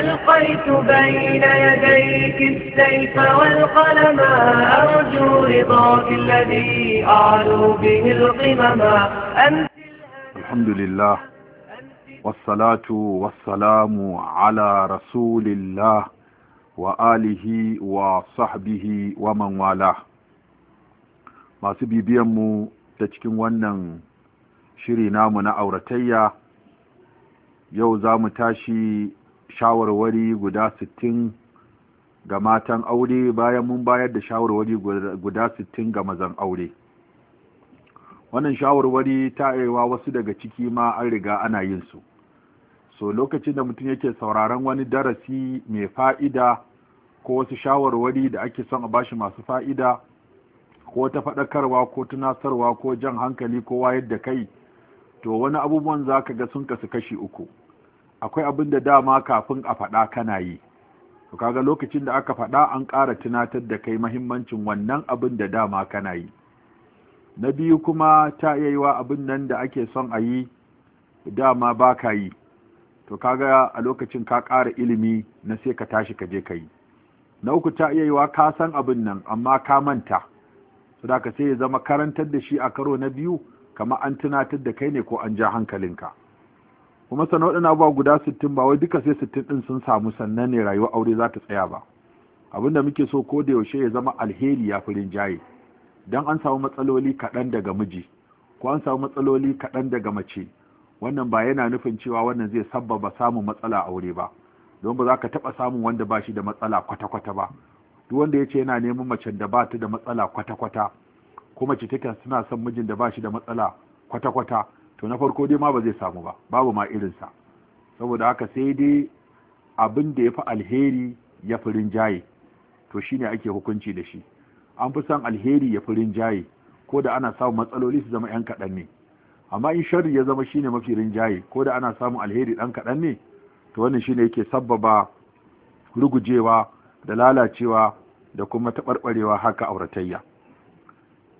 ألقيت بين يديك السيف والقلم أرجو رضاك الذي أعلو به القمم أنت الحمد لله والصلاة والسلام على رسول الله وآله وصحبه ومن والاه masu bibiyanmu ta cikin wannan shiri namu na auratayya yau za mu tashi shawarwari guda sittin ga matan aure bayan mun bayar da shawarwari guda sittin ga mazan aure wannan shawarwari ta aiwa wasu daga ciki ma an riga ana yin su so lokacin da mutum yake sauraron wani darasi mai fa'ida ko wasu shawarwari da ake son a bashi masu fa'ida ko ta faɗakarwa ko tunasarwa ko jan hankali ko wayar da kai to wani abubuwan za ka ga sun kasu kashi uku akwai abin da dama kafin a faɗa kana yi to kaga lokacin da aka faɗa an ƙara tunatar da kai mahimmancin wannan abin da dama kana yi na biyu kuma ta iya yi wa abin nan da ake son a yi dama ba ka yi to kaga a lokacin ka ƙara ilimi na sai ka tashi ka je ka yi na uku ta iya yi wa ka san abin nan amma ka manta su ka sai ya zama karantar da shi a karo na biyu kamar an tunatar da kai ne ko an ja hankalinka kuma sannan waɗannan abubuwa guda sittin ba wai duka sai sittin ɗin sun samu sannan ne rayuwa aure za ta tsaya ba abin da muke so ko da yaushe ya zama alheri ya fi rinjaye don an samu matsaloli kaɗan daga miji ko an samu matsaloli kaɗan daga mace wannan ba yana nufin cewa wannan zai sabbaba samun matsala aure ba don ba za ka taɓa samun wanda ba shi da matsala kwata-kwata ba duk wanda ya ce yana neman macen da ba ta da matsala kwata-kwata ko mace take suna son mijin da ba shi da matsala kwata-kwata to na farko dai ma ba zai samu ba babu ma irin sa. saboda haka sai dai abin da ya fi alheri ya fi rinjaye to shine ake hukunci da shi an fi san alheri ya fi rinjaye ko da ana samun matsaloli su zama yan kaɗan ne amma in sharri ya zama shine mafi rinjaye ko da ana samun alheri ɗan kaɗan ne to wannan shine yake sabbaba rugujewa da lalacewa da kuma taɓarɓarewa haka auratayya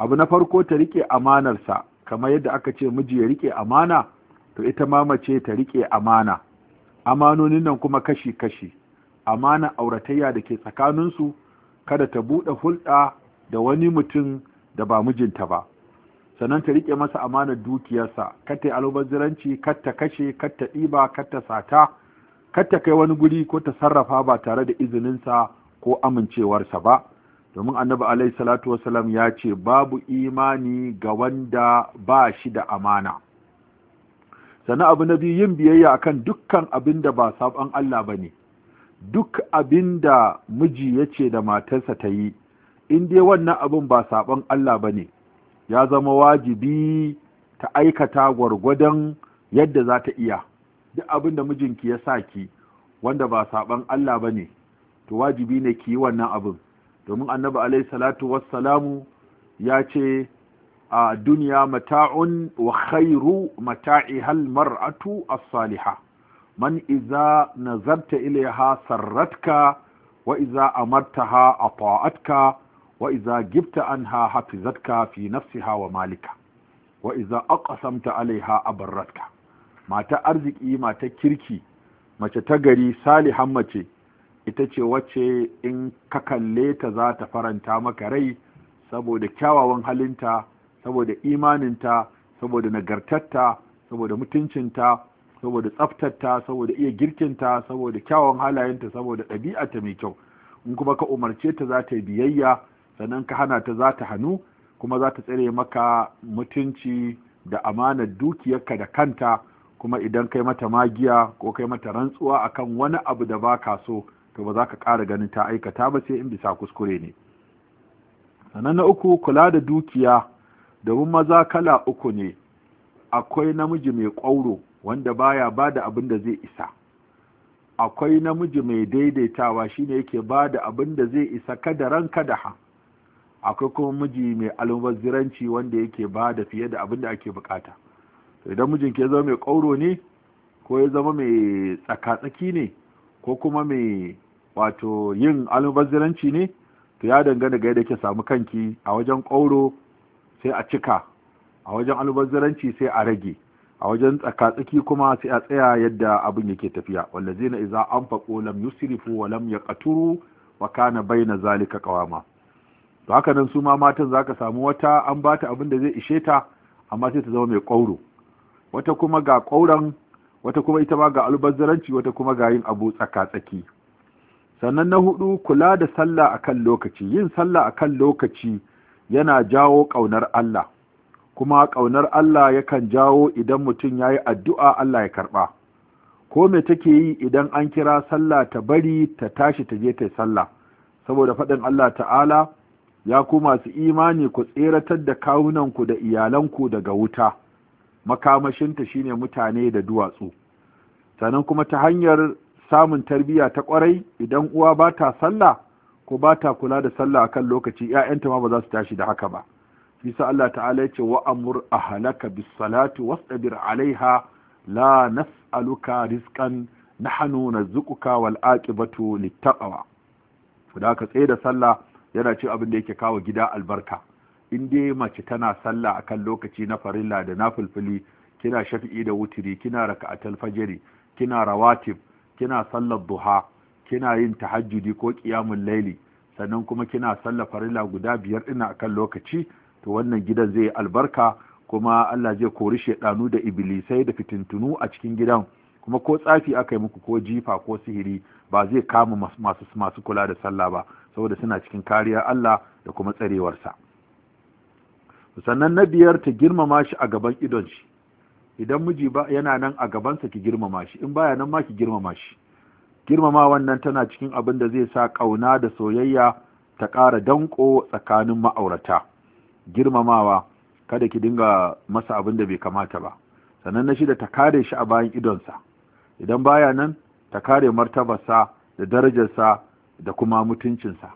abu na farko ta rike amanarsa kamar yadda aka ce miji ya rike amana to ita ma mace ta rike amana amanonin nan kuma kashi kashi amana auratayya da ke tsakaninsu kada ta buɗe hulɗa da wani mutum da ba mijinta ba sannan ta rike masa amanar dukiyarsa kar ta yi albaziranci kar ta kashe kar ta ɗiba kar ta sata kar ta kai wani guri ko ta sarrafa ba tare da izininsa ko amincewarsa ba domin annabi alaihi salatu wasalam ya ce babu imani ga wanda ba shi da amana sannan abu na biyu yin biyayya akan dukkan abin da ba sabon Allah ba ne duk abin da miji ya ce da matarsa ta yi in dai wannan abin ba sabon Allah ba ne ya zama wajibi ta aikata gwargwadon yadda za ta iya duk abin da mijinki ya sa ki wanda ba sabon Allah ba ne to wajibi ne ki yi wannan abin domin annabi alaihi salatu wassalamu ya ce a duniya mata'un wa khairu mata'i hal mar'atu as-saliha man iza nazarta ilaiha sarratka wa iza amartaha ata'atka wa iza gibta anha hafizatka fi nafsiha wa malika wa iza aqsamta alaiha abarratka mata arziki mata kirki mace ta gari salihan mace ita ce wacce in ka kalle ta za ta faranta maka rai saboda kyawawan halinta saboda imaninta saboda nagartarta saboda mutuncinta saboda tsaftarta saboda iya girkinta saboda kyawawan halayenta saboda ɗabi'ata mai kyau in kuma ka umarce ta za ta yi biyayya sannan ka hana ta za ta hannu kuma za ta tsare maka mutunci da amanar dukiyarka da kanta kuma idan kai mata magiya ko kai mata rantsuwa akan wani abu da baka so to ba za ka kara ganin ta aikata ba sai in bisa kuskure ne sannan na uku kula da dukiya domin maza kala uku ne akwai namiji mai ƙwauro wanda baya ba da abin da zai isa akwai namiji mai daidaitawa shine yake ba da abin da zai isa kada ran kada ha akwai kuma miji mai almubaziranci wanda yake ba da fiye da abin da ake bukata idan mijin ke zama mai ƙwauro ne ko ya zama mai tsaka tsaki ne ko kuma mai wato yin almubazziranci ne to ya dangana ga yadda ke samu kanki a wajen ƙauro sai a cika a wajen almubazziranci sai a rage a wajen tsakatsaki kuma sai a tsaya yadda abin yake tafiya iza an anfaqu lam yusrifu wa lam yaqturu wa kana baina zalika qawama to haka nan su ma matan zaka samu wata an bata abin da zai ishe ta amma sai ta zama mai ƙauro wata kuma ga ƙauran wata kuma ita ma ga albazaranci wata kuma ga yin abu tsakatsaki. sannan na hudu kula da sallah akan lokaci yin sallah akan lokaci yana jawo ƙaunar Allah kuma ƙaunar Allah yakan jawo idan mutum yayi addu'a Allah ya karɓa ko me take yi idan an kira sallah ta bari ta tashi ta je ta sallah saboda faɗin Allah ta'ala ya ku masu imani ku tseratar da kawunanku da iyalanku daga wuta makamashinta shine mutane da duwatsu sannan kuma ta hanyar samun tarbiyya ta kwarai idan uwa ba ta sallah ko ba ta kula da sallah akan lokaci 'ya'yanta ma ba za su tashi da haka ba bisa Allah ta'ala yace wa amur ahlaka bis salati wastabir alaiha la nas'aluka rizqan nahnu narzuquka wal aqibatu littaqwa da ka tsaye da sallah yana ce abin da yake kawo gida albarka in dai mace tana sallah akan lokaci na farilla da na fulfuli kina shafi'i da wutiri kina raka'atul fajri kina rawatib kina sallar duha kina yin tahajjudi ko qiyamul laili sannan kuma kina sallar farilla guda biyar ina akan lokaci to wannan gidan zai albarka kuma Allah zai kori shedanu da iblisai da fitintunu a cikin gidan kuma ko tsafi aka yi muku ko jifa ko sihiri ba zai kama masu masu kula da sallah ba saboda suna cikin kariya Allah da kuma tsarewarsa sannan na biyar ta girmama shi a gaban idon shi idan miji ba yana nan a gabansa ki girmama shi in baya nan ma ki girmama shi girmama wannan tana cikin abin da zai sa ƙauna da soyayya ta ƙara danko tsakanin ma'aurata girmamawa kada ki dinga masa abin da bai kamata ba sannan na shida ta kare shi a bayan idonsa idan baya nan ta kare martabarsa da darajarsa da kuma mutuncinsa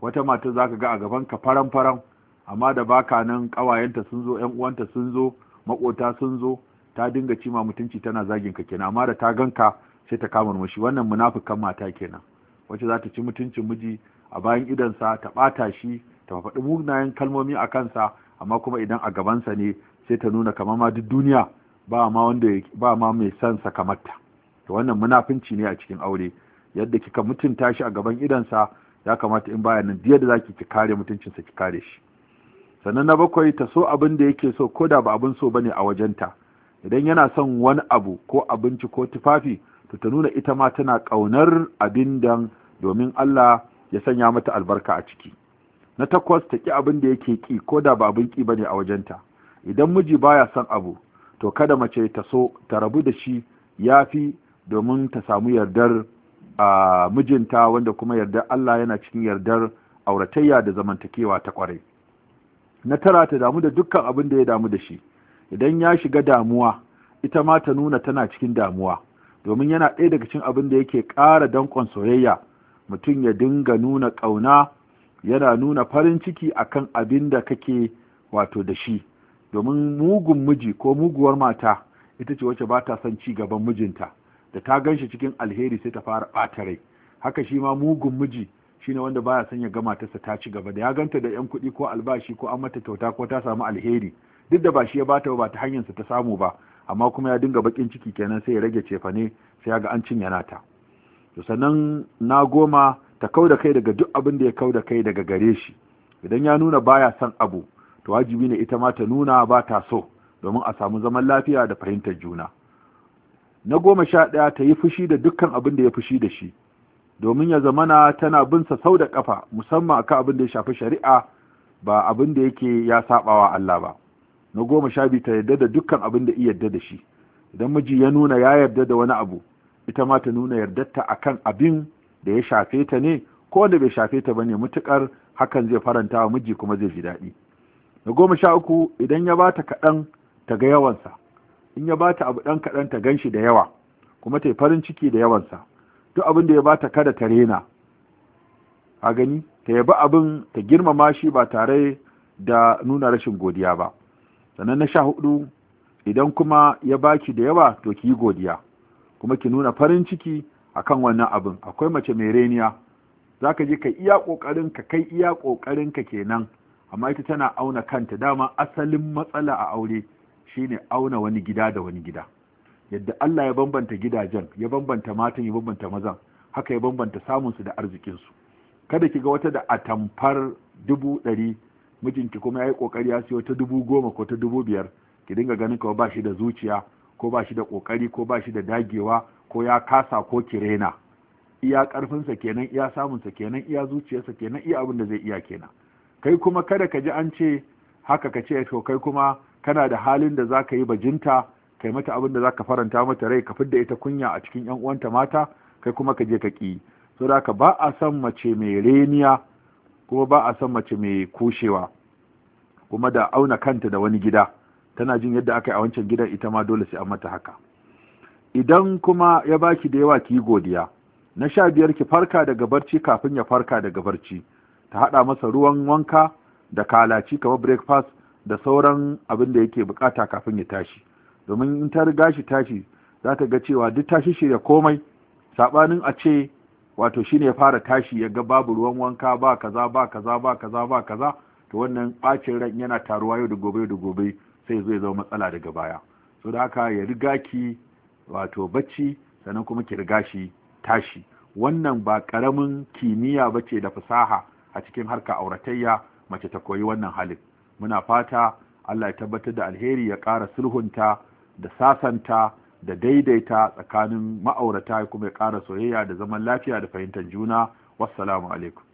wata mata za ga a gaban ka faran-faran amma da baka nan ƙawayenta sun zo 'yan uwanta sun zo maƙota sun zo ta dinga cima mutunci tana zagin ka kenan amma da ta ganka sai ta kama murmushi wannan munafukan mata kenan wacce za ta ci mutuncin miji a bayan sa ta ɓata shi ta faɗi munayen kalmomi a kansa amma kuma idan a gabansa ne sai ta nuna kamar ma duk duniya ba ma wanda ba ma mai son sa kamar ta to wannan munafinci ne a cikin aure yadda kika mutunta shi a gaban idansa ya kamata in baya nan da zaki ki kare mutuncin sa ki kare shi sannan na bakwai ta so abin da yake so ko da ba abin so bane a wajenta idan yana son wani abu ko abinci ko tufafi to ta nuna ita ma tana ƙaunar abin dan domin Allah ya sanya mata albarka a ciki na takwas ta ƙi abin da yake ki ko da ba abin ƙi bane a wajenta idan miji baya son abu to kada mace ta so ta rabu da shi yafi fi domin ta samu yardar a mijinta wanda kuma yardar Allah yana cikin yardar auratayya da zamantakewa ta kwarai na tara ta damu da dukkan abin da ya damu da shi idan ya shiga damuwa ita ma ta nuna tana cikin damuwa domin yana ɗaya daga cikin abin da yake ƙara dankon soyayya mutum ya dinga nuna ƙauna yana nuna farin ciki akan abin da kake wato da shi domin mugun miji ko muguwar mata ita ce wacce ba ta son ci gaban mijinta da ta gan shi cikin alheri sai ta fara ɓata rai haka shi ma mugun miji shine wanda baya son ya ga matarsa ta ci gaba da ya ganta da yan kuɗi ko albashi ko an mata kyauta ko ta samu alheri duk da ba shi ya bata ba ta hanyarsa ta samu ba amma kuma ya dinga bakin ciki kenan sai ya rage cefane sai ya ga an cinye nata to sannan na goma ta kau da kai daga duk abin da ya kau da kai daga gare shi idan ya nuna baya son abu to wajibi ne ita ma ta nuna ba ta so domin a samu zaman lafiya da fahimtar juna na goma sha ɗaya ta yi fushi da dukkan abin da ya fushi da shi domin ya zamana tana bin sa sau da ƙafa musamman akan abin da ya shafi shari'a ba abin da yake ya saɓawa Allah ba na goma sha biyu ta yarda da dukkan abin da iya yarda da shi idan miji ya nuna ya yarda da wani abu ita ma ta nuna yarda yardarta akan abin da ya shafe ta ne ko wanda bai shafe ta ba ne mutukar hakan zai faranta wa miji kuma zai ji daɗi na goma sha uku idan ya bata kaɗan ta ga yawansa in ya bata abu ɗan kaɗan ta gan shi da yawa kuma ta yi farin ciki da yawansa duk abin da ya bata kada ta rena a gani ta yabi abin ta girmama shi ba tare da nuna rashin godiya ba sannan na sha hudu idan kuma ya baki da yawa to ki godiya kuma ki nuna farin ciki akan wannan abin akwai mace mai reniya za ka je ka iya ƙoƙarin ka kai iya ƙoƙarin ka kenan amma ita tana auna kanta dama asalin matsala a aure shine auna wani gida da wani gida yadda Allah ya bambanta gidajen ya bambanta matan ya bambanta mazan haka ya bambanta samun su da arzikin su. kada ki ga wata da atamfar dubu ɗari mijinki kuma ya yi ƙoƙari ya siyo ta dubu goma ko ta dubu biyar ki dinga ganin ka ba shi da zuciya ko ba shi da ƙoƙari ko ba shi da dagewa ko ya kasa ko kirena iya ƙarfinsa kenan iya samunsa kenan iya zuciyarsa kenan iya abin da zai iya kenan kai kuma kada ka ji an ce haka ka ce to kai kuma kana da halin da za ka yi bajinta kai mata abin da za ka faranta mata rai ka fidda ita kunya a cikin yan uwanta mata kai kuma ka je ka ƙi da ba a son mace mai reniya kuma ba a son mace mai kushewa kuma da auna kanta da wani gida tana jin yadda aka yi a wancan gidan ita ma dole sai an mata haka idan kuma ya baki da yawa ki godiya na sha biyar ki farka daga barci kafin ya farka daga barci ta haɗa masa ruwan wanka da kalaci kamar breakfast da sauran abin da yake bukata kafin ya tashi domin in ta riga shi tashi za ta ga cewa duk tashi shirya komai saɓanin a ce wato shi ya fara tashi ya ga babu ruwan wanka ba kaza ba kaza ba kaza ba kaza to wannan bacin ran yana taruwa yau da gobe da gobe sai zai zama matsala daga baya so da haka ya riga ki wato bacci sannan kuma ki riga shi tashi wannan ba karamin kimiyya bace da fasaha a cikin harka auratayya mace ta koyi wannan halin muna fata Allah ya tabbatar da alheri ya ƙara sulhunta da sasanta da daidaita tsakanin ma'aurata kuma ya ƙara soyayya da zaman lafiya da fahimtar juna wassalamu alaikum